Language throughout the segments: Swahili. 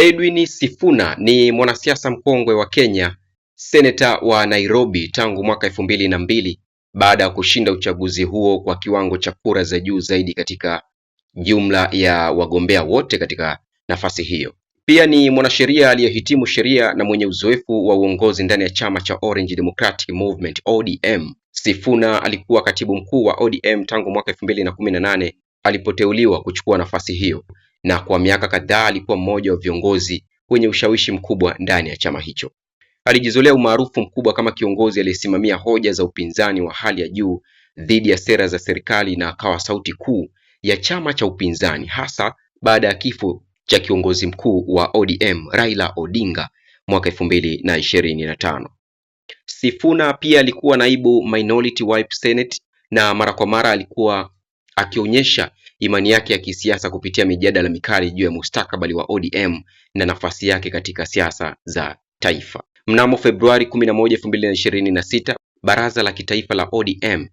Edwin Sifuna ni mwanasiasa mkongwe wa Kenya, seneta wa Nairobi tangu mwaka elfu mbili na mbili baada ya kushinda uchaguzi huo kwa kiwango cha kura za juu zaidi katika jumla ya wagombea wote katika nafasi hiyo. Pia ni mwanasheria aliyehitimu sheria na mwenye uzoefu wa uongozi ndani ya chama cha Orange Democratic Movement ODM. Sifuna alikuwa katibu mkuu wa ODM tangu mwaka elfu mbili na kumi na nane alipoteuliwa kuchukua nafasi hiyo na kwa miaka kadhaa alikuwa mmoja wa viongozi wenye ushawishi mkubwa ndani ya chama hicho. Alijizolea umaarufu mkubwa kama kiongozi aliyesimamia hoja za upinzani wa hali ya juu dhidi ya sera za serikali na akawa sauti kuu ya chama cha upinzani hasa baada ya kifo cha kiongozi mkuu wa ODM Raila Odinga mwaka elfu mbili na ishirini na tano. Sifuna pia alikuwa naibu minority whip senate na mara kwa mara alikuwa akionyesha imani yake ya kisiasa kupitia mijadala mikali juu ya mustakabali wa ODM na nafasi yake katika siasa za taifa. Mnamo Februari 11, 2026, Baraza la Kitaifa la ODM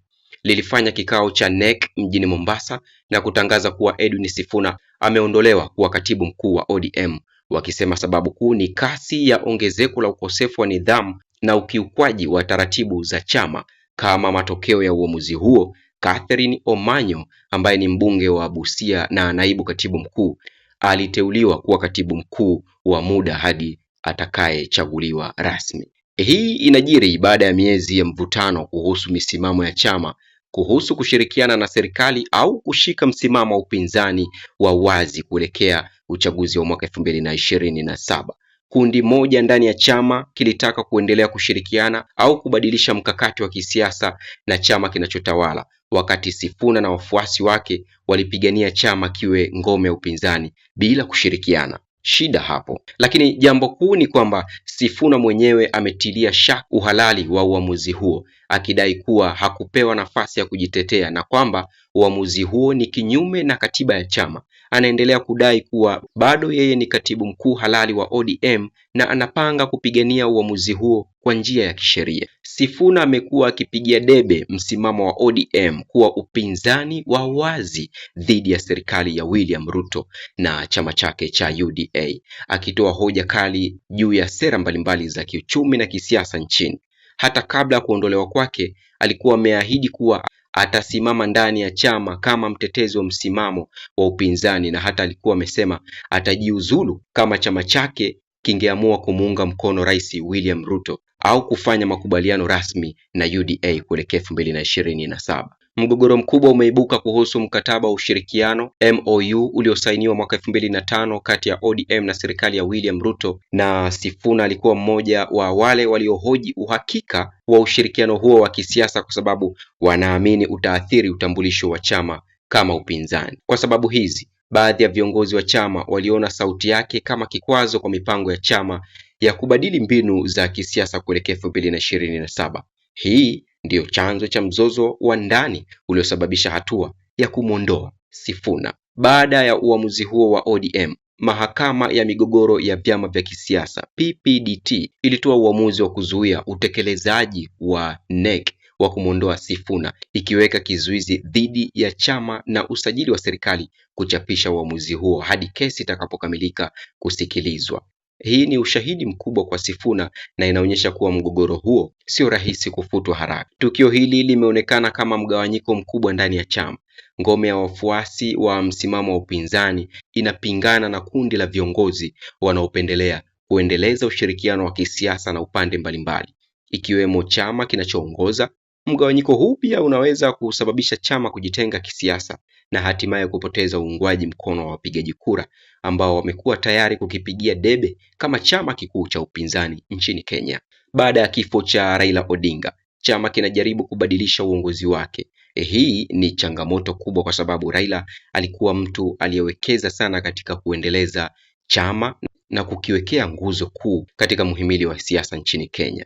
lilifanya kikao cha NEC mjini Mombasa na kutangaza kuwa Edwin Sifuna ameondolewa kuwa katibu mkuu wa ODM, wakisema sababu kuu ni kasi ya ongezeko la ukosefu wa nidhamu na ukiukwaji wa taratibu za chama kama matokeo ya uamuzi huo Catherine Omanyo ambaye ni mbunge wa Busia na naibu katibu mkuu aliteuliwa kuwa katibu mkuu wa muda hadi atakayechaguliwa rasmi. Hii inajiri baada ya miezi ya mvutano kuhusu misimamo ya chama kuhusu kushirikiana na serikali au kushika msimamo wa upinzani wa wazi kuelekea uchaguzi wa mwaka elfu mbili na ishirini na saba. Kundi moja ndani ya chama kilitaka kuendelea kushirikiana au kubadilisha mkakati wa kisiasa na chama kinachotawala wakati Sifuna na wafuasi wake walipigania chama kiwe ngome ya upinzani bila kushirikiana shida hapo. Lakini jambo kuu ni kwamba Sifuna mwenyewe ametilia shaka uhalali wa uamuzi huo, akidai kuwa hakupewa nafasi ya kujitetea na kwamba uamuzi huo ni kinyume na katiba ya chama anaendelea kudai kuwa bado yeye ni katibu mkuu halali wa ODM na anapanga kupigania uamuzi huo kwa njia ya kisheria. Sifuna amekuwa akipigia debe msimamo wa ODM kuwa upinzani wa wazi dhidi ya serikali ya William Ruto na chama chake cha UDA, akitoa hoja kali juu ya sera mbalimbali za kiuchumi na kisiasa nchini. Hata kabla ya kuondolewa kwake, alikuwa ameahidi kuwa atasimama ndani ya chama kama mtetezi wa msimamo wa upinzani, na hata alikuwa amesema atajiuzulu kama chama chake kingeamua kumuunga mkono Rais William Ruto au kufanya makubaliano rasmi na UDA kuelekea elfu mbili na ishirini na saba. Mgogoro mkubwa umeibuka kuhusu mkataba wa ushirikiano MOU uliosainiwa mwaka elfu mbili na tano kati ya ODM na serikali ya William Ruto, na Sifuna alikuwa mmoja wa wale waliohoji uhakika wa ushirikiano huo wa kisiasa kwa sababu wanaamini utaathiri utambulisho wa chama kama upinzani. Kwa sababu hizi, baadhi ya viongozi wa chama waliona sauti yake kama kikwazo kwa mipango ya chama ya kubadili mbinu za kisiasa kuelekea elfu mbili na ishirini na saba. Hii ndiyo chanzo cha mzozo wa ndani uliosababisha hatua ya kumwondoa Sifuna. Baada ya uamuzi huo wa ODM, Mahakama ya Migogoro ya Vyama vya Kisiasa PPDT ilitoa uamuzi wa kuzuia utekelezaji wa NEC wa kumwondoa Sifuna, ikiweka kizuizi dhidi ya chama na usajili wa serikali kuchapisha uamuzi huo hadi kesi itakapokamilika kusikilizwa. Hii ni ushahidi mkubwa kwa Sifuna na inaonyesha kuwa mgogoro huo sio rahisi kufutwa haraka. Tukio hili limeonekana kama mgawanyiko mkubwa ndani ya chama. Ngome ya wafuasi wa msimamo wa upinzani inapingana na kundi la viongozi wanaopendelea kuendeleza ushirikiano wa kisiasa na upande mbalimbali, ikiwemo chama kinachoongoza Mgawanyiko huu pia unaweza kusababisha chama kujitenga kisiasa na hatimaye kupoteza uungwaji mkono wa wapigaji kura ambao wamekuwa tayari kukipigia debe kama chama kikuu cha upinzani nchini Kenya. Baada ya kifo cha Raila Odinga, chama kinajaribu kubadilisha uongozi wake. E, hii ni changamoto kubwa kwa sababu Raila alikuwa mtu aliyewekeza sana katika kuendeleza chama na kukiwekea nguzo kuu katika muhimili wa siasa nchini Kenya.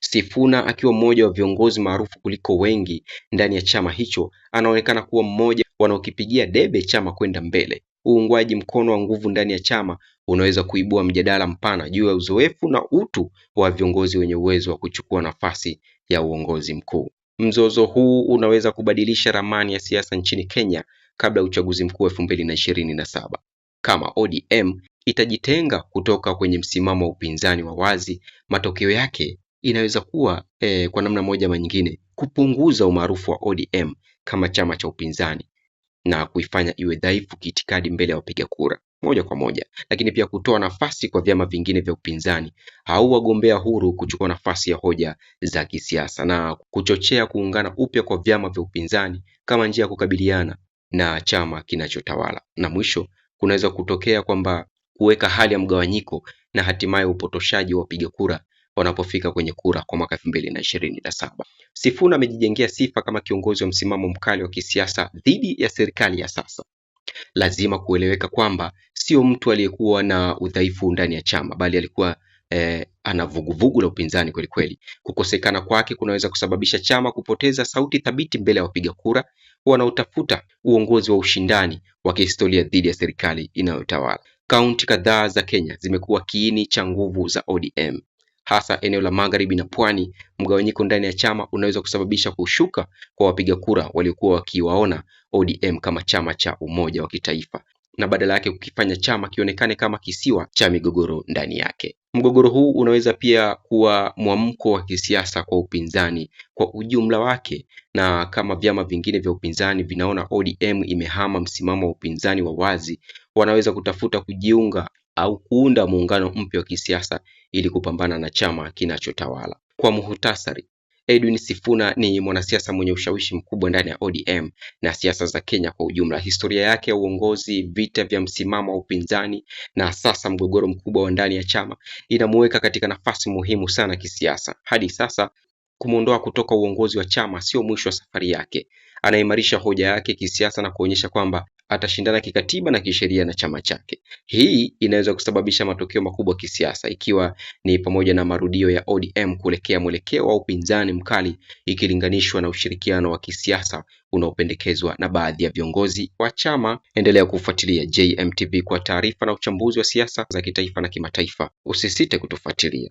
Sifuna akiwa mmoja wa viongozi maarufu kuliko wengi ndani ya chama hicho anaonekana kuwa mmoja wanaokipigia debe chama kwenda mbele. Uungwaji mkono wa nguvu ndani ya chama unaweza kuibua mjadala mpana juu ya uzoefu na utu wa viongozi wenye uwezo wa kuchukua nafasi ya uongozi mkuu. Mzozo huu unaweza kubadilisha ramani ya siasa nchini Kenya kabla ya uchaguzi mkuu elfu mbili na ishirini na saba kama ODM itajitenga kutoka kwenye msimamo wa upinzani wa wazi, matokeo yake inaweza kuwa eh, kwa namna moja ama nyingine kupunguza umaarufu wa ODM kama chama cha upinzani na kuifanya iwe dhaifu kiitikadi mbele ya wapiga kura moja kwa moja, lakini pia kutoa nafasi kwa vyama vingine vya upinzani au wagombea huru kuchukua nafasi ya hoja za kisiasa na kuchochea kuungana upya kwa vyama vya upinzani kama njia ya kukabiliana na chama kinachotawala. Na mwisho kunaweza kutokea kwamba kuweka hali ya mgawanyiko na hatimaye upotoshaji wa wapiga kura wanapofika kwenye kura kwa mwaka 2027. Sifuna amejijengea sifa kama kiongozi wa msimamo mkali wa kisiasa dhidi ya serikali ya sasa. Lazima kueleweka kwamba sio mtu aliyekuwa na udhaifu ndani ya chama, bali alikuwa eh, ana vuguvugu la upinzani kwelikweli. Kukosekana kwake kunaweza kusababisha chama kupoteza sauti thabiti mbele ya wapiga kura wanaotafuta uongozi wa ushindani wa kihistoria dhidi ya serikali inayotawala. Kaunti kadhaa za Kenya zimekuwa kiini cha nguvu za ODM hasa eneo la magharibi na pwani, mgawanyiko ndani ya chama unaweza kusababisha kushuka kwa wapiga kura waliokuwa wakiwaona ODM kama chama cha umoja wa kitaifa na badala yake kukifanya chama kionekane kama kisiwa cha migogoro ndani yake. Mgogoro huu unaweza pia kuwa mwamko wa kisiasa kwa upinzani kwa ujumla wake, na kama vyama vingine vya upinzani vinaona ODM imehama msimamo wa upinzani wa wazi, wanaweza kutafuta kujiunga au kuunda muungano mpya wa kisiasa ili kupambana na chama kinachotawala. Kwa muhutasari, Edwin Sifuna ni mwanasiasa mwenye ushawishi mkubwa ndani ya ODM na siasa za Kenya kwa ujumla. Historia yake ya uongozi, vita vya msimamo wa upinzani na sasa mgogoro mkubwa wa ndani ya chama inamuweka katika nafasi muhimu sana kisiasa. Hadi sasa, kumwondoa kutoka uongozi wa chama sio mwisho wa safari yake. Anaimarisha hoja yake kisiasa na kuonyesha kwamba atashindana kikatiba na kisheria na chama chake. Hii inaweza kusababisha matokeo makubwa kisiasa, ikiwa ni pamoja na marudio ya ODM kuelekea mwelekeo wa upinzani mkali ikilinganishwa na ushirikiano wa kisiasa unaopendekezwa na baadhi ya viongozi wa chama. Endelea kufuatilia JMTV kwa taarifa na uchambuzi wa siasa za kitaifa na kimataifa. Usisite kutufuatilia.